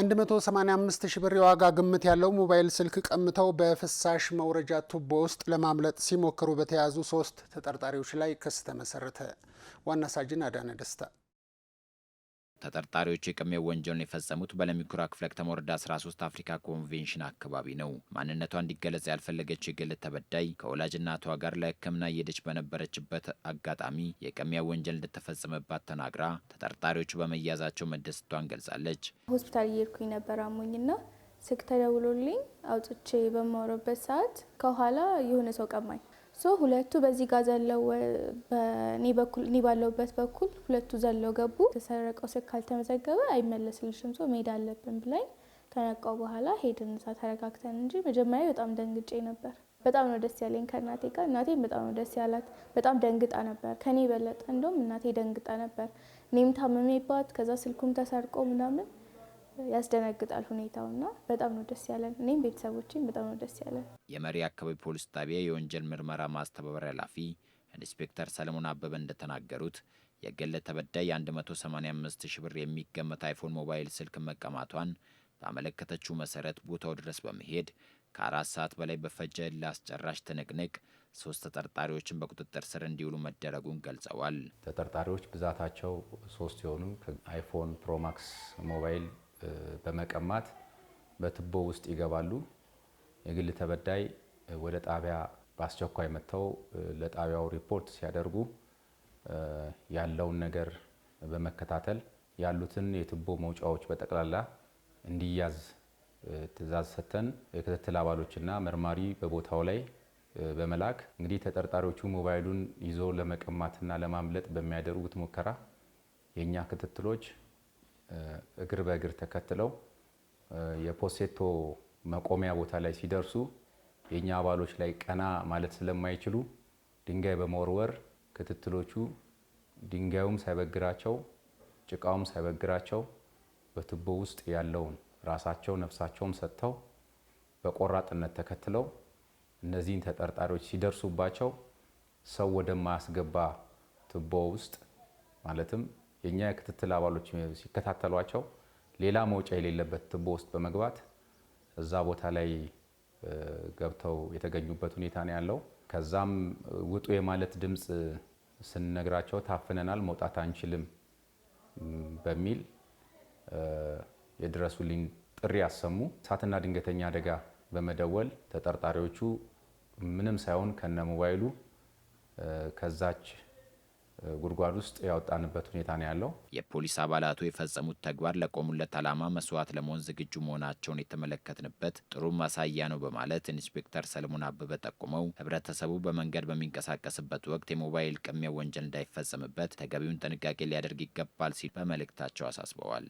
185 ሺህ ብር የዋጋ ግምት ያለው ሞባይል ስልክ ቀምተው በፍሳሽ መውረጃ ቱቦ ውስጥ ለማምለጥ ሲሞክሩ በተያዙ ሶስት ተጠርጣሪዎች ላይ ክስ ተመሰረተ። ዋና ሳጅን አዳነ ደስታ ተጠርጣሪዎቹ የቅድመ ወንጀልን የፈጸሙት በለሚኩራ ክፍለ ከተማ ወረዳ 13 አፍሪካ ኮንቬንሽን አካባቢ ነው። ማንነቷ እንዲገለጽ ያልፈለገች የግል ተበዳይ ከወላጅ እናቷ ጋር ለሕክምና እየሄደች በነበረችበት አጋጣሚ የቅድመ ወንጀል እንደተፈጸመባት ተናግራ ተጠርጣሪዎቹ በመያዛቸው መደሰቷን ገልጻለች። ሆስፒታል እየሄድኩኝ ነበር አሞኝና ስልክ ተደውሎልኝ አውጥቼ በማወራበት ሰዓት ከኋላ የሆነ ሰው ቀማኝ። ሶ ሁለቱ በዚህ ጋር ዘለው እኔ ባለውበት በኩል ሁለቱ ዘለው ገቡ። የተሰረቀው ስልክ ካልተመዘገበ አይመለስልሽም ሶ መሄድ አለብን ብላኝ ከነቃው በኋላ ሄድን እዛ ተረጋግተን እንጂ መጀመሪያ በጣም ደንግጬ ነበር። በጣም ነው ደስ ያለኝ ከእናቴ ጋር። እናቴም በጣም ነው ደስ ያላት። በጣም ደንግጣ ነበር ከኔ በለጠ። እንደውም እናቴ ደንግጣ ነበር። እኔም ታመሜባት ከዛ ስልኩም ተሰርቆ ምናምን ያስደነግጣል ሁኔታው እና በጣም ነው ደስ ያለን። እኔም ቤተሰቦችን በጣም ነው ደስ ያለን። የመሪ አካባቢ ፖሊስ ጣቢያ የወንጀል ምርመራ ማስተባበሪያ ኃላፊ ኢንስፔክተር ሰለሞን አበበ እንደተናገሩት የገለ ተበዳይ የ185 ሺ ብር የሚገመት አይፎን ሞባይል ስልክ መቀማቷን ባመለከተችው መሰረት ቦታው ድረስ በመሄድ ከአራት ሰዓት በላይ በፈጀ ላስጨራሽ ትንቅንቅ ሶስት ተጠርጣሪዎችን በቁጥጥር ስር እንዲውሉ መደረጉን ገልጸዋል። ተጠርጣሪዎች ብዛታቸው ሶስት ሲሆኑ አይፎን ፕሮማክስ ሞባይል በመቀማት በትቦ ውስጥ ይገባሉ። የግል ተበዳይ ወደ ጣቢያ በአስቸኳይ መጥተው ለጣቢያው ሪፖርት ሲያደርጉ ያለውን ነገር በመከታተል ያሉትን የትቦ መውጫዎች በጠቅላላ እንዲያዝ ትዕዛዝ ሰጥተን የክትትል አባሎችና መርማሪ በቦታው ላይ በመላክ እንግዲህ ተጠርጣሪዎቹ ሞባይሉን ይዞ ለመቀማትና ለማምለጥ በሚያደርጉት ሙከራ የእኛ ክትትሎች እግር በእግር ተከትለው የፖሴቶ መቆሚያ ቦታ ላይ ሲደርሱ የእኛ አባሎች ላይ ቀና ማለት ስለማይችሉ ድንጋይ በመወርወር ክትትሎቹ ድንጋዩም ሳይበግራቸው ጭቃውም ሳይበግራቸው በቱቦ ውስጥ ያለውን ራሳቸው ነፍሳቸውን ሰጥተው በቆራጥነት ተከትለው እነዚህን ተጠርጣሪዎች ሲደርሱባቸው ሰው ወደማያስገባ ቱቦ ውስጥ ማለትም የእኛ የክትትል አባሎች ሲከታተሏቸው ሌላ መውጫ የሌለበት ትቦ ውስጥ በመግባት እዛ ቦታ ላይ ገብተው የተገኙበት ሁኔታ ነው ያለው። ከዛም ውጡ የማለት ድምፅ ስንነግራቸው ታፍነናል፣ መውጣት አንችልም በሚል የድረሱልኝ ጥሪ ያሰሙ። እሳትና ድንገተኛ አደጋ በመደወል ተጠርጣሪዎቹ ምንም ሳይሆን ከነ ሞባይሉ ከዛች ጉድጓድ ውስጥ ያወጣንበት ሁኔታ ነው ያለው። የፖሊስ አባላቱ የፈጸሙት ተግባር ለቆሙለት ዓላማ መስዋዕት ለመሆን ዝግጁ መሆናቸውን የተመለከትንበት ጥሩ ማሳያ ነው በማለት ኢንስፔክተር ሰለሞን አበበ ጠቁመው ህብረተሰቡ በመንገድ በሚንቀሳቀስበት ወቅት የሞባይል ቅሚያ ወንጀል እንዳይፈጸምበት ተገቢውን ጥንቃቄ ሊያደርግ ይገባል ሲል በመልእክታቸው አሳስበዋል።